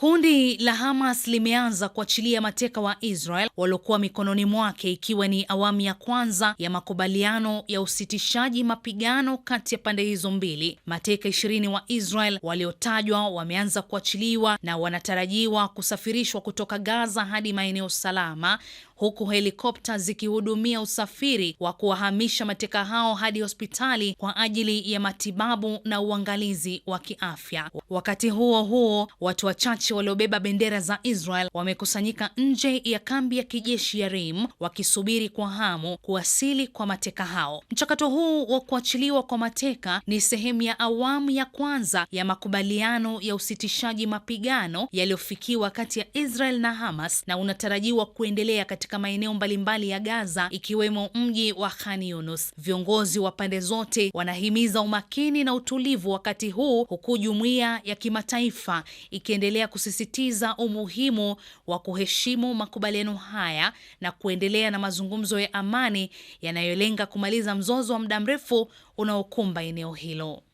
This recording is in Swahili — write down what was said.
Kundi la Hamas limeanza kuachilia mateka wa Israel waliokuwa mikononi mwake ikiwa ni awamu ya kwanza ya makubaliano ya usitishaji mapigano kati ya pande hizo mbili. Mateka ishirini wa Israel waliotajwa wameanza kuachiliwa na wanatarajiwa kusafirishwa kutoka Gaza hadi maeneo salama huku helikopta zikihudumia usafiri wa kuwahamisha mateka hao hadi hospitali kwa ajili ya matibabu na uangalizi wa kiafya. Wakati huo huo, watu wachache waliobeba bendera za Israel wamekusanyika nje ya kambi ya kijeshi ya Rim wakisubiri kwa hamu kuwasili kwa mateka hao. Mchakato huu wa kuachiliwa kwa mateka ni sehemu ya awamu ya kwanza ya makubaliano ya usitishaji mapigano yaliyofikiwa kati ya Israel na Hamas na unatarajiwa kuendelea katika katika maeneo mbalimbali ya Gaza ikiwemo mji wa Khan Yunus. Viongozi wa pande zote wanahimiza umakini na utulivu wakati huu, huku jumuiya ya kimataifa ikiendelea kusisitiza umuhimu wa kuheshimu makubaliano haya na kuendelea na mazungumzo ya amani yanayolenga kumaliza mzozo wa muda mrefu unaokumba eneo hilo.